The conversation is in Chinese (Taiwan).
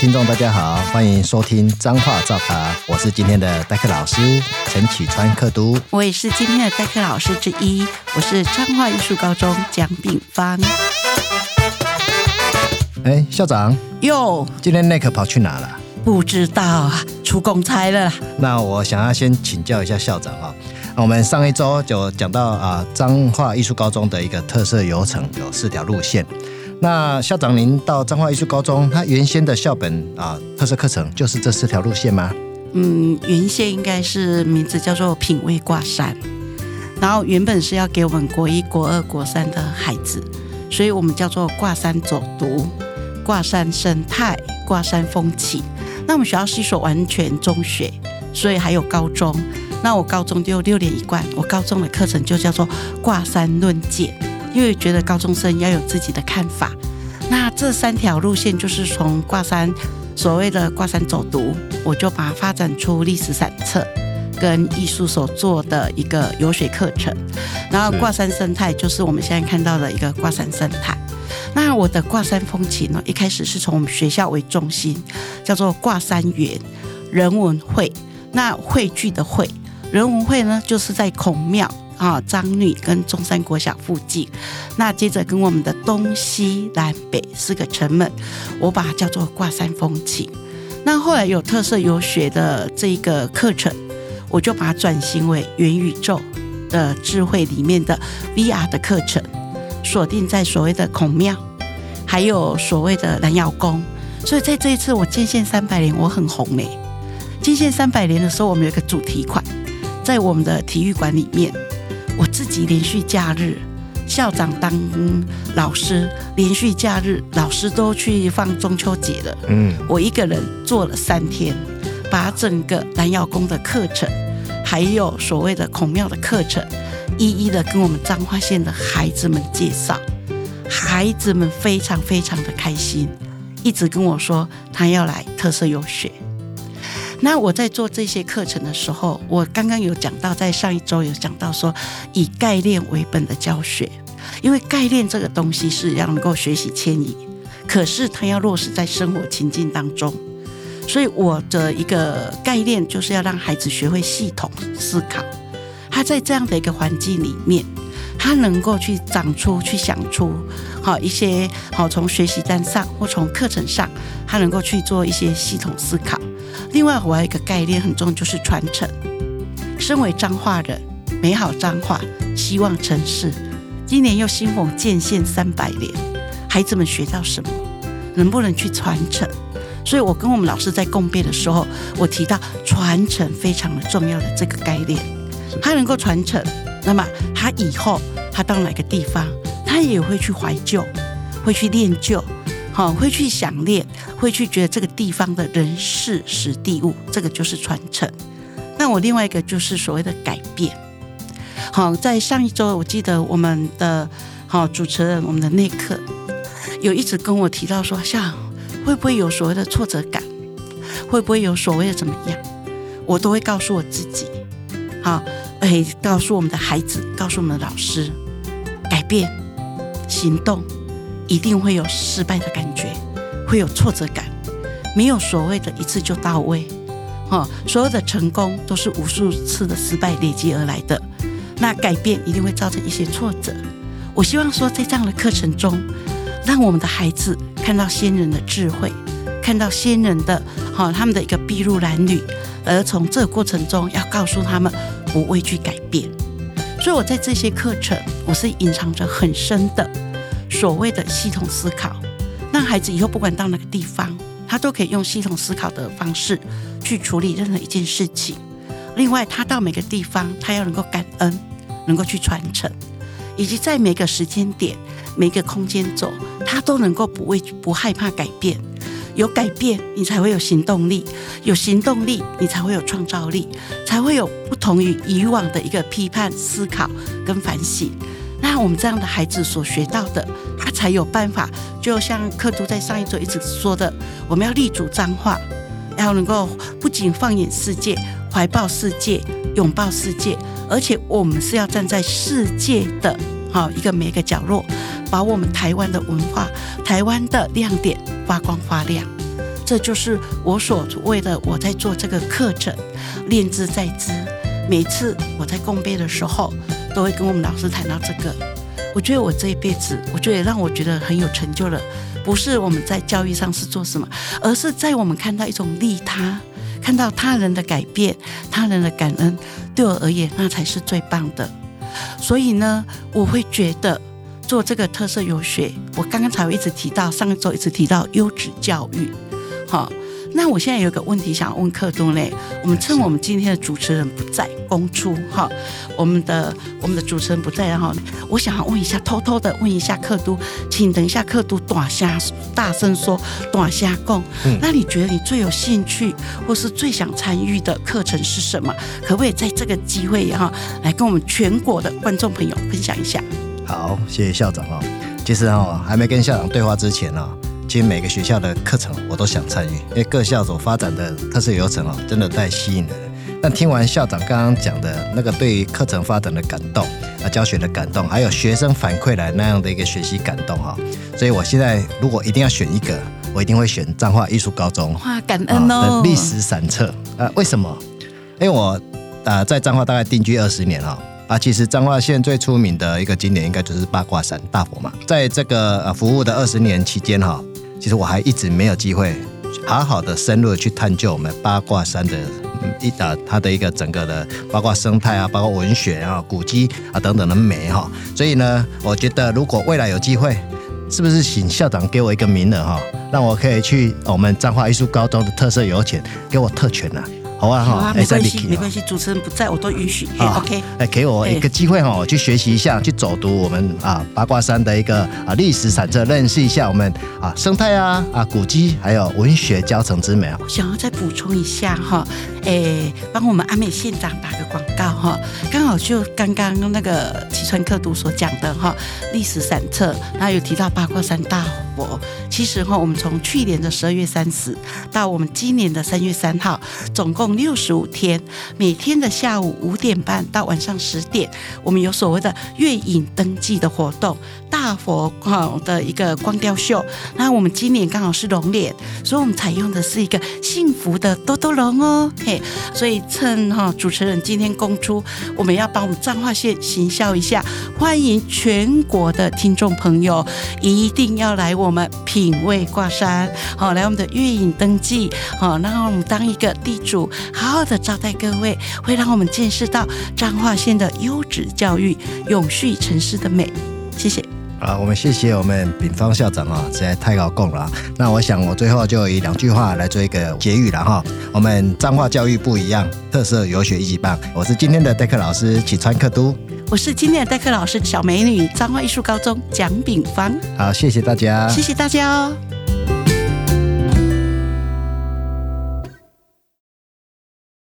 聽眾大家好，歡迎收聽彰話噪咖，我是今天的代課老師陳啟川課督，我也是今天的代課老師之一，我是彰化藝術高中蔣秉芳。哎，校長，喲，今天奈可跑去哪了？不知道啊，出公差了。那我想要先請教一下校長啊、哦，那我們上一周就講到啊，彰化藝術高中的一個特色遊程有四條路線。那校長，您到彰化藝術高中，他原先的校本啊特色課程就是這四條路線嗎？嗯，原先應該是名字叫做品味卦山，然後原本是要給我們國一、國二、國三的孩子，所以我們叫做卦山走讀、卦山生態、卦山風起。那我們學校是一所完全中學，所以還有高中。那我高中就六年一貫，我高中的課程就叫做卦山論劍。因為覺得高中生要有自己的看法，那這三條路線就是從卦山所謂的卦山走讀，我就把它發展出歷史散策跟藝術所做的一個遊學課程，然後卦山生態就是我們現在看到的一個卦山生態。那我的卦山風情呢，一開始是從我們學校為中心，叫做卦山園人文匯，那匯聚的匯。人文會呢，就是在孔廟啊、彰女、跟中山國小附近。那接着跟我們的東西南北四個城門，我把它叫做卦山風情。那後來有特色遊學的這一個課程，我就把它轉型為元宇宙的智慧裡面的 VR 的課程，鎖定在所謂的孔廟，還有所謂的南瑤宮。所以在這一次我建縣三百年，我很紅嘞。建縣三百年的時候，我們有個主題款。在我們的體育館裡面，我自己連續假日，校長當老師，連續假日老師都去放中秋節了。嗯，我一個人做了三天，把整個南瑤宮的課程，還有所謂的孔廟的課程，一一的跟我們彰化縣的孩子們介紹，孩子們非常非常的開心，一直跟我說他要來特色遊學。那我在做這些課程的時候，我剛剛有講到，在上一周有講到說，以概念為本的教學，因為概念這個東西是要能夠學習遷移，可是它要落實在生活情境當中，所以我的一個概念就是要讓孩子學會系統思考，他在這樣的一個環境裡面，他能夠去長出、去想出好一些。好，從學習單上或從課程上，他能夠去做一些系統思考。另外，我還有一個概念很重要，就是傳承。身為彰化人，美好彰化，希望城市，今年又欣逢建縣三百年，孩子們學到什麼，能不能去傳承？所以我跟我們老師在共備的時候，我提到傳承非常的重要的這個概念，他能夠傳承，那麼他以後他到哪個地方，他也會去懷舊，會去念舊。好，會去想念，會去覺得這個地方的人、事、時、地、物，這個就是傳承。那我另外一個就是所謂的改變。好，在上一周，我記得我們的好主持人，我們的內客有一直跟我提到說，像會不會有所謂的挫折感，會不會有所謂的怎麼樣，我都會告訴我自己，好，哎，告訴我們的孩子，告訴我們的老師，改變，行動。一定會有失敗的感覺，會有挫折感，沒有所謂的一次就到位，哈、哦，所有的成功都是無數次的失敗累積而來的。那改變一定會造成一些挫折。我希望說，在這樣的課程中，讓我們的孩子看到先人的智慧，看到先人的哈、哦、他們的一個篳路藍縷，而從這個過程中要告訴他們不畏懼改變。所以我在這些課程，我是隱藏着很深的。所謂的系統思考，讓孩子以後不管到哪個地方，他都可以用系統思考的方式去處理任何一件事情。另外，他到每個地方，他要能夠感恩，能夠去傳承，以及在每個時間點、每個空間走，他都能夠不畏、不害怕改變。有改變，你才會有行動力；有行動力，你才會有創造力，才會有不同於以往的一個批判思考跟反省。那我們這樣的孩子所學到的，他才有辦法。就像課督在上一周一直說的，我們要立足彰化，要能夠不僅放眼世界、懷抱世界、擁抱世界，而且我們是要站在世界的哈一個每一個角落，把我們台灣的文化、台灣的亮點發光發亮。這就是我所謂的我在做這個課程，念茲在茲。每次我在共備的時候。都會跟我們老師談到這個，我覺得我這一輩子，我覺得讓我覺得很有成就了，不是我們在教育上是做什麼，而是在我們看到一種利他，看到他人的改變，他人的感恩，對我而言那才是最棒的。所以呢，我會覺得做這個特色遊學，我剛剛才一直提到，上一周一直提到優質教育，好、哦。那我現在有個問題想要問課督嘞，我們趁我們今天的主持人不在，公出哈、哦，我們的我們的主持人不在然後，我想要問一下，偷偷的問一下課督，請等一下課督，大聲大聲說，大聲公、嗯，那你覺得你最有興趣或是最想參與的課程是什麼？可不可以在這個機會哈、哦，來跟我們全國的觀眾朋友分享一下？好，謝謝校長啊、哦，其實啊、哦、還沒跟校長對話之前啊、哦。其實每個學校的課程我都想參與，因為各校所發展的特色流程、哦、真的太吸引了人。但聽完校長剛剛講的那個對課程發展的感動啊，教學的感動，還有學生反饋來那樣的一個學習感動哈、哦，所以我現在如果一定要選一個，我一定會選彰化藝術高中哇，感恩哦，哦歷史散策啊，為什麼？因為我啊在彰化大概定居二十年哦，啊其實彰化縣最出名的一個景點應該就是八卦山大佛嘛，在這個啊服務的二十年期間哈、哦。其實我還一直沒有機會好好的深入的去探究我們八卦山的一啊，它的一個整個的，包括生態啊，包括文學啊、古蹟啊等等的美哈、啊。所以呢，我覺得如果未來有機會，是不是請校長給我一個名額哈，讓我可以去我們彰化藝術高中的特色遊學，給我特權呢、啊？好啊好啊，沒關係，沒關係，主持人不在我都允許、啊。OK，哎，給我一個機會哈，我去學習一下，去走讀我們啊八卦山的一個啊歷史散策，認識一下我們啊生態啊啊古蹟，還有文學教程之美啊。我想要再補充一下哈，哎、欸，幫我們阿美縣長打個廣告哈，剛好就剛剛那個啟川課督所講的哈歷史散策，那有提到八卦山道。其實哈，我們從去年的十二月三十到我們今年的三月三號，總共六十五天，每天的下午五點半到晚上十點，我們有所謂的月影燈季的活動，大佛的一個光雕秀。那我們今年剛好是龍年，所以我們採用的是一個幸福的多多龍哦，嘿，okay。所以趁，哈，主持人今天公出，我們要幫我們彰化縣行銷一下，歡迎全國的聽眾朋友一定要來我。我們品味掛山，好，來我們的月影登記，好，那我們當一個地主，好好的招待各位，會讓我們見識到彰化縣的優質教育，永續城市的美。謝謝。啊，我們謝謝我們秉芳校長啊、哦，實在太高功了。那我想我最後就以兩句話來做一個結語了哈。我們彰化教育不一樣，特色遊學一級棒。我是今天的代課老師，啟川課督。我是今天的代課老師小美女，彰化藝術高中蔣秉芳。好，謝謝大家，謝謝大家哦。